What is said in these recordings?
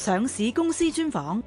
上市公司專訪：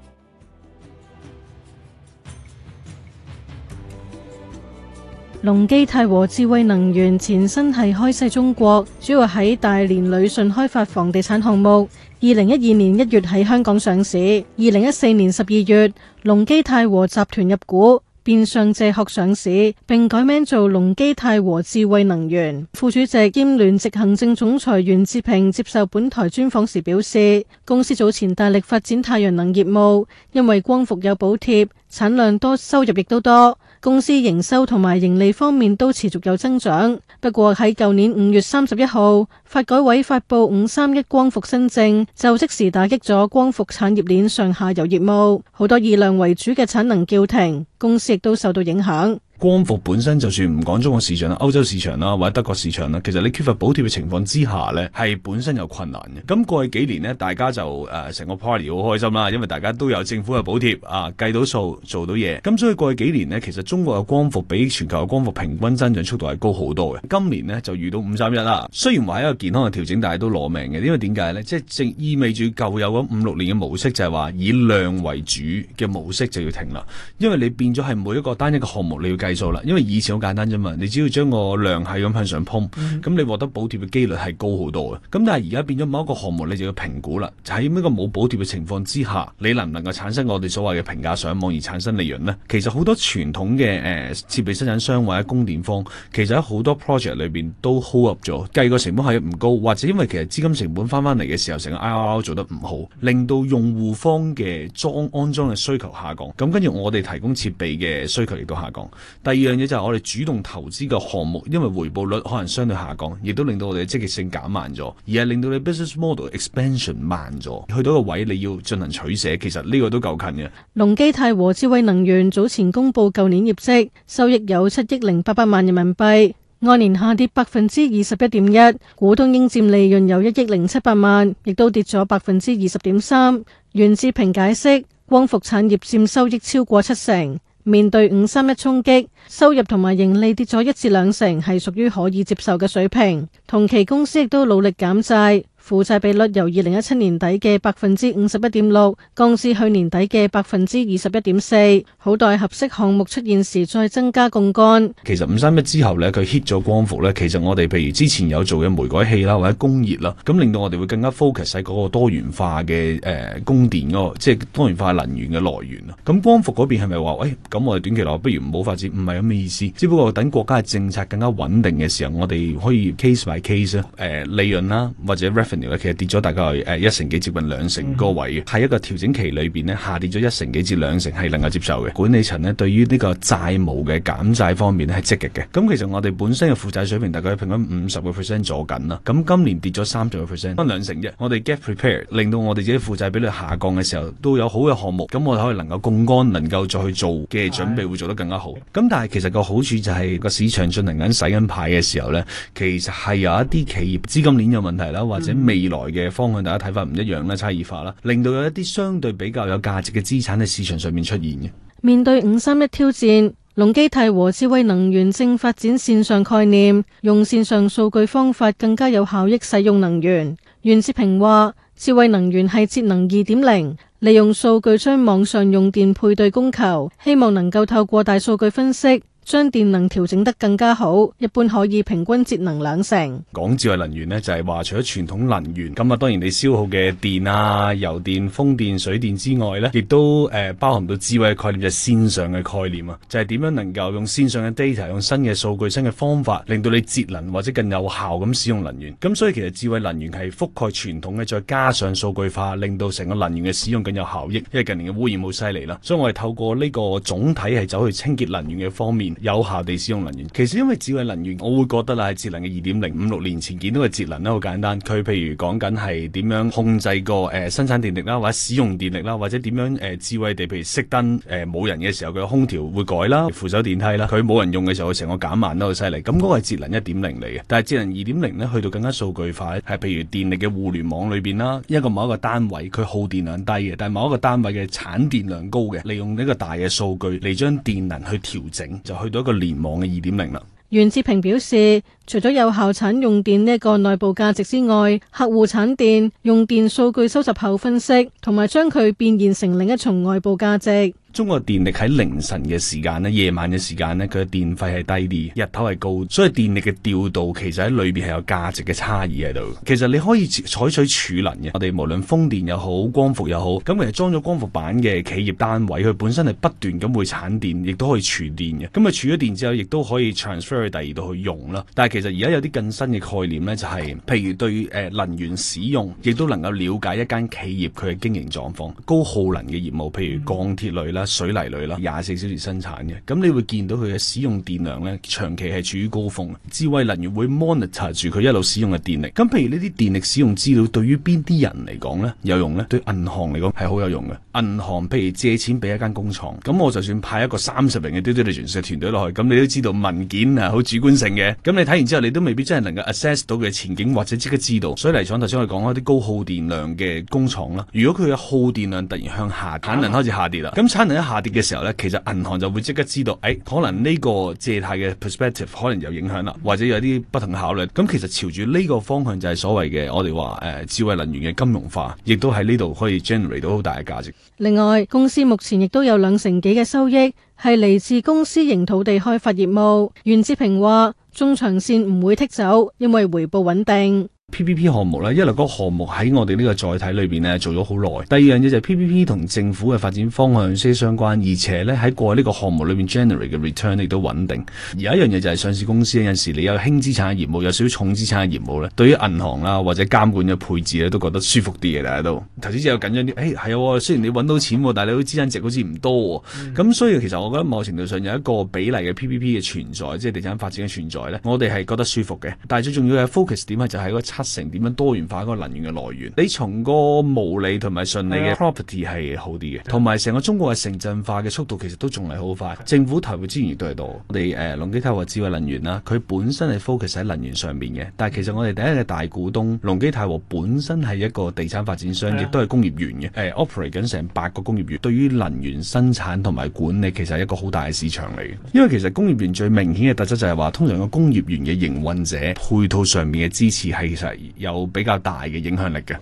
隆基泰和智慧能源前身係開世中國，主要喺大連、旅順開發房地產項目。二零一二年一月喺香港上市，二零一四年十二月隆基泰和集團入股。變相借殼上市，並改名做隆基泰和智慧能源，副主席兼聯席行政總裁袁志平接受本台專訪時表示，公司早前大力發展太陽能業務，因為光伏有補貼，產量多，收入亦都多。公司營收同埋盈利方面都持續有增長，不過喺舊年五月三十一號，發改委發布五三一光伏新政，就即時打擊咗光伏產業鏈上下游業務，好多以量為主嘅產能叫停，公司亦都受到影響。光伏本身就算唔講中國市場啦、歐洲市場啦或者德國市場啦，其實你缺乏補貼嘅情況之下呢，係本身有困難嘅。咁過去幾年呢，大家就誒成、呃、個 party 好開心啦，因為大家都有政府嘅補貼啊，計到數做到嘢。咁所以過去幾年呢，其實中國嘅光伏比全球嘅光伏平均增長速度係高好多嘅。今年呢，就遇到五三一啦，雖然話係一個健康嘅調整，但係都攞命嘅，因為點解呢？即係正意味住舊有嗰五六年嘅模式就係話以量為主嘅模式就要停啦，因為你變咗係每一個單一個項目你要計。因為以前好簡單啫嘛，你只要將個量係咁向上 pong 咁，你獲得補貼嘅機率係高好多嘅。咁但係而家變咗某一個項目，你就要評估啦。就喺、是、呢個冇補貼嘅情況之下，你能唔能夠產生我哋所謂嘅平價上網而產生利潤呢？其實好多傳統嘅誒、呃、設備生產商或者供電方，其實喺好多 project 裏邊都 hold up 咗，計個成本係唔高，或者因為其實資金成本翻翻嚟嘅時候，成個 IRR 做得唔好，令到用戶方嘅裝安裝嘅需求下降，咁跟住我哋提供設備嘅需求亦都下降。第二樣嘢就係我哋主動投資嘅項目，因為回報率可能相對下降，亦都令到我哋嘅積極性減慢咗，而係令到你 business model expansion 慢咗。去到個位你要進行取捨，其實呢個都夠近嘅。隆基泰和智慧能源早前公佈舊年業績，收益有七億零八百萬人民幣，按年下跌百分之二十一點一，股東應佔利潤有一億零七百萬，亦都跌咗百分之二十點三。袁志平解釋，光伏產業佔收益超過七成。面對五三一衝擊，收入同埋盈利跌咗一至兩成，係屬於可以接受嘅水平。同期公司亦都努力減債。負債比率由二零一七年底嘅百分之五十一點六降至去年底嘅百分之二十一點四，好待合適項目出現時再增加槓桿。其實五三一之後呢，佢 hit 咗光伏呢。其實我哋譬如之前有做嘅煤改氣啦或者工業啦，咁令到我哋會更加 focus 喺嗰個多元化嘅、呃、供電㗎、那個，即係多元化能源嘅來源啊。咁光伏嗰邊係咪話誒咁我哋短期內不如唔好發展？唔係咁嘅意思，只不過等國家嘅政策更加穩定嘅時候，我哋可以 case by case 啊、呃，利潤啦或者 ref。其實跌咗大概誒一成幾接近兩成個位，喺一個調整期裏邊咧，下跌咗一成幾至兩成係能夠接受嘅。管理層咧對於呢個債務嘅減債方面咧係積極嘅。咁其實我哋本身嘅負債水平大概係平均五十個 percent 左緊啦。咁今年跌咗三十個 percent，分兩成啫。我哋 get prepared，令到我哋自己負債比率下降嘅時候都有好嘅項目，咁我哋可以能夠槓桿，能夠再去做嘅準備會做得更加好。咁但係其實個好處就係、是、個市場進行緊洗緊牌嘅時候呢，其實係有一啲企業資金鏈有問題啦，或者、嗯。未來嘅方向，大家睇法唔一樣啦，差異化啦，令到有一啲相對比較有價值嘅資產喺市場上面出現嘅。面對五三一挑戰，隆基泰和智慧能源正發展線上概念，用線上數據方法更加有效益使用能源。袁志平話：智慧能源係節能二點零，利用數據將網上用電配對供求，希望能夠透過大數據分析。將電能調整得更加好。一般可以平均節能兩成。講智慧能源呢，就係話除咗傳統能源，咁啊當然你消耗嘅電啊、油電、風電、水電之外呢，亦都誒包含到智慧嘅概念，就係綫上嘅概念啊，就係點樣能夠用綫上嘅 data，用新嘅數據、新嘅方法，令到你節能或者更有效咁使用能源。咁所以其實智慧能源係覆蓋傳統嘅，再加上數據化，令到成個能源嘅使用更有效益。因為近年嘅污染好犀利啦，所以我哋透過呢個總體系走去清潔能源嘅方面。有效地使用能源，其實因為智慧能源，我會覺得啦係節能嘅二點零。五六年前見到嘅節能咧，好簡單，佢譬如講緊係點樣控制個誒、呃、生產電力啦，或者使用電力啦，或者點樣誒、呃、智慧地譬如熄燈誒，冇人嘅時候佢空調會改啦，扶手電梯啦，佢冇人用嘅時候佢成個減慢都好犀利。咁、那、嗰個係節能一點零嚟嘅，但係智能二點零咧去到更加數據化，係譬如電力嘅互聯網裏邊啦，一個某一個單位佢耗電量低嘅，但係某一個單位嘅產電量高嘅，利用呢個大嘅數據嚟將電能去調整就。去到一個聯網嘅二點零啦。袁志平表示，除咗有效產用電呢一個內部價值之外，客戶產電用電數據收集後分析，同埋將佢變現成另一重外部價值。中國電力喺凌晨嘅時間咧、夜晚嘅時間咧，佢嘅電費係低啲，日頭係高，所以電力嘅調度其實喺裏邊係有價值嘅差異喺度。其實你可以採取儲能嘅，我哋無論風電又好、光伏又好，咁其實裝咗光伏板嘅企業單位，佢本身係不斷咁會產電，亦都可以儲電嘅。咁啊儲咗電之後，亦都可以 transfer 去第二度去用啦。但係其實而家有啲更新嘅概念呢、就是，就係譬如對於、呃、能源使用，亦都能夠了解一間企業佢嘅經營狀況，高耗能嘅業務，譬如鋼鐵類啦，水泥類啦，廿四小時生產嘅，咁你會見到佢嘅使用電量呢，長期係處於高峰。智慧能源會 monitor 住佢一路使用嘅電力。咁譬如呢啲電力使用資料，對於邊啲人嚟講呢？有用呢？對銀行嚟講係好有用嘅。銀行譬如借錢俾一間工廠，咁我就算派一個三十名嘅 digital 嘅團隊落去，咁你都知道文件啊好主觀性嘅。咁你睇完之後，你都未必真係能夠 assess 到佢嘅前景，或者即刻知道。水泥廠，頭先我講一啲高耗電量嘅工廠啦，如果佢嘅耗電量突然向下產能、啊、開始下跌啦，咁一下跌嘅時候咧，其實銀行就會即刻知道，誒、哎，可能呢個借貸嘅 perspective 可能有影響啦，或者有啲不同考慮。咁其實朝住呢個方向就係所謂嘅我哋話誒智慧能源嘅金融化，亦都喺呢度可以 generate 到好大嘅價值。另外，公司目前亦都有兩成幾嘅收益係嚟自公私營土地開發業務。袁志平話：中長線唔會剔走，因為回報穩定。P P P 項目咧，一嚟個項目喺我哋呢個載體裏邊咧做咗好耐；第二樣嘢就係 P P P 同政府嘅發展方向息息相關，而且咧喺過去呢個項目裏面 generate 嘅 return 亦都穩定。而有一樣嘢就係上市公司有陣時你有輕資產嘅業務，有少少重資產嘅業務咧，對於銀行啦、啊、或者監管嘅配置咧都覺得舒服啲嘅大家都。投資者又緊張啲，誒係喎，雖然你揾到錢，但係你啲資產值好似唔多喎、哦。咁、mm-hmm. 所以其實我覺得某程度上有一個比例嘅 P P P 嘅存在，即、就、係、是、地產發展嘅存在咧，我哋係覺得舒服嘅。但係最重要嘅 focus 點係就喺嗰成點樣多元化嗰個能源嘅來源？你從個無利同埋順利嘅 property 係、yeah. 好啲嘅，同埋成個中國嘅城鎮化嘅速度其實都仲係好快，政府投入資源亦都係多。我哋誒、呃、隆基泰和智慧能源啦，佢本身係 focus 喺能源上面嘅，但係其實我哋第一隻大股東隆基泰和本身係一個地產發展商，亦都係工業園嘅，誒、呃、operate 緊成八個工業園。對於能源生產同埋管理其實係一個好大嘅市場嚟嘅，因為其實工業園最明顯嘅特質就係話，通常個工業園嘅營運者配套上面嘅支持係其實。有比較大嘅影響力嘅。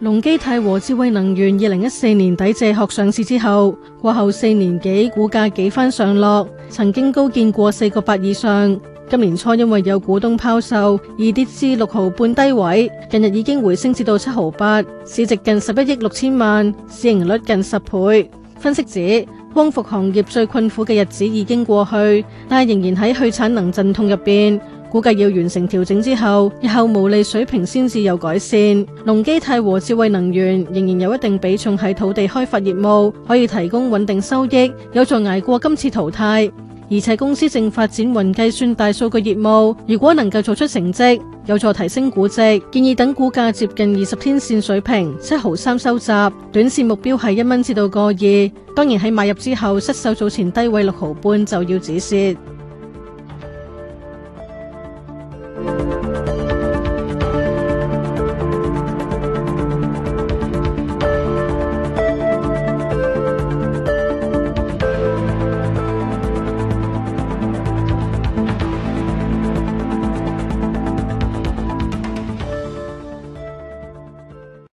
隆基泰和智慧能源二零一四年底借殼上市之後，過後四年幾股價幾番上落，曾經高見過四個八以上。今年初因為有股東拋售，而跌至六毫半低位，近日已經回升至到七毫八，市值近十一億六千萬，市盈率近十倍。分析指。光伏行業最困苦嘅日子已經過去，但係仍然喺去產能陣痛入邊，估計要完成調整之後，日後毛利水平先至有改善。隆基泰和智慧能源仍然有一定比重喺土地開發業務，可以提供穩定收益，有助挨過今次淘汰。而且公司正發展雲計算大數據業務，如果能夠做出成績，有助提升估值。建議等股價接近二十天線水平七毫三收集，短線目標係一蚊至到個二。當然喺買入之後失守，早前低位六毫半就要止蝕。